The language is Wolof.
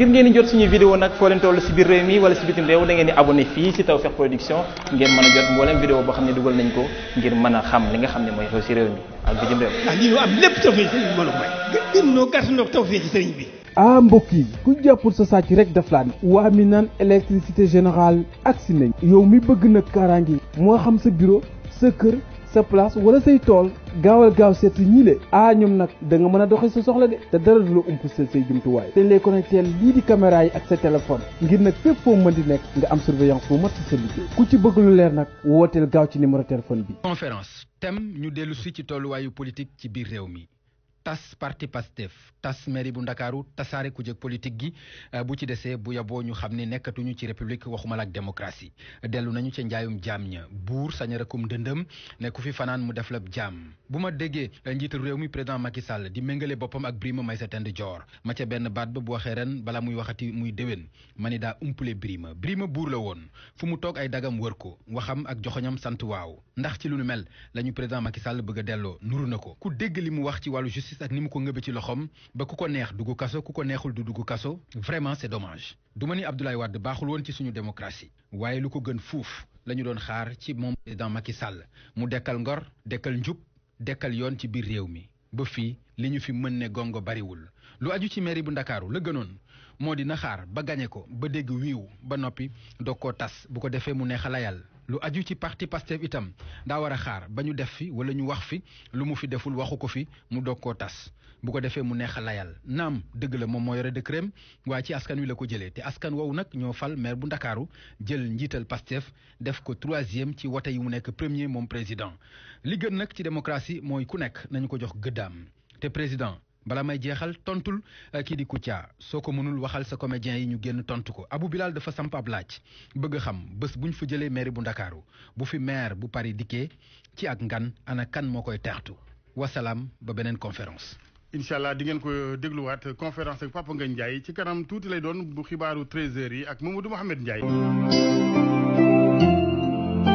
ngir ngeen di jot suñu vidéo nag foo leen toll si biir réew mi wala si bitim réew da ngeen di abonné fii si Tawfekh Production ngeen mën a jot mboolem vidéo boo xam ne dugal nañ ko ngir mën a xam li nga xam ne mooy xew si réew mi ak bitim réew. ndax ah, lii ñu am lépp tawfeeg ci sëriñ bi ah, mbooloo mooy. yi ku jàppul sa sàcc rek daf laa ne. waa mi naan électricité générale agsi nañ. yow mi bëgg nag kaaraange moo xam sa biro sa kër sa place wala say tool gaawal gaaw seet si ñii le ah ñoom nag da nga mën a doxee sa soxla de te dara du la ump sel say jumtuwaay te ñu lay connecté lii di caméra ak sa téléphone ngir nag fépp foo mën di nekk nga am surveillance bu mat si sa liggéey ku ci bëgg lu leer nag wooteel gaaw ci numéro téléphone bi conférence thème ñu dellu si ci tolluwaayu politique ci biir réew mi tas parti Pastef tas mairie bu ndakaaru tasaare ku jëg politique gi euh, bu ci desee bu yaboo ñu xam ne nekkatuñu ci république waxumala ak démocratie dellu nañu ca njaayum jaam ña buur sañ a rakum dëndëm ne ku fi fanaan mu def la jaam bu ma déggee euh, njiital réew mi président Macky Sall di méngale boppam ak Birima Maysa Tend Joor ma ca benn baat ba bu waxee ren bala muy waxati muy déwén ma ni daa umpule Birima Birima buur la woon fu mu toog ay dagam wër ko waxam ak joxoñam sant waaw ndax ci lu nu mel la ñu président Macky Sall bëgg delloo nuru na justice ak ni mu ko ngëbe ci loxoom ba ku ko neex dugg kaso ku ko neexul du dugg kaso vraiment c'est dommage du ma ni Abdoulaye Wade baaxul woon ci suñu démocratie waaye lu ko gën fuuf la ñu doon xaar ci moom président Macky Sall mu dekkal ngor dekkal njub dekkal yoon ci biir réew mi ba fii li ñu fi mën ne gongo bariwul lu aju ci mairie bu ndakaaru la gënoon moo dina na xaar ba gañe ko ba dégg wiiw ba noppi doo koo tas bu ko defee mu neex a layal lu aju ci parti Pastef itam daa war a xaar ba ñu def fi wala ñu wax fi lu mu fi deful waxu ko fi mu dog koo tas bu ko defee mu neex a layal naam dëgg la moom moo yore dëkkreem waaye ci askan wi la ko jëlee te askan woowu nag ñoo fal maire bu Ndakaaru jël njiital Pastef def ko troisième ci wote yi mu nekk premier moom président li gën nag ci démocratie mooy ku nekk nañu ko jox gëddaam te président bala may jeexal tontul euh, kii di Kouthia soo ko mënul waxal sa comédien yi ñu génn tontu ko abu Bilal dafa samp ab laaj bëgg xam bés bu ñu fa jëlee mairie bu Ndakaaru bu fi maire bu Paris dikkee ci ak ngan ana kan moo koy teextu wasalaam ba beneen conférence. incha allah di ngeen ko dégluwaat conférence ak Papa Ngagne Ndiaye ci kanam tuuti lay doon bu xibaaru 13h yi ak moom Mamadou Mouhamed Ndiaye.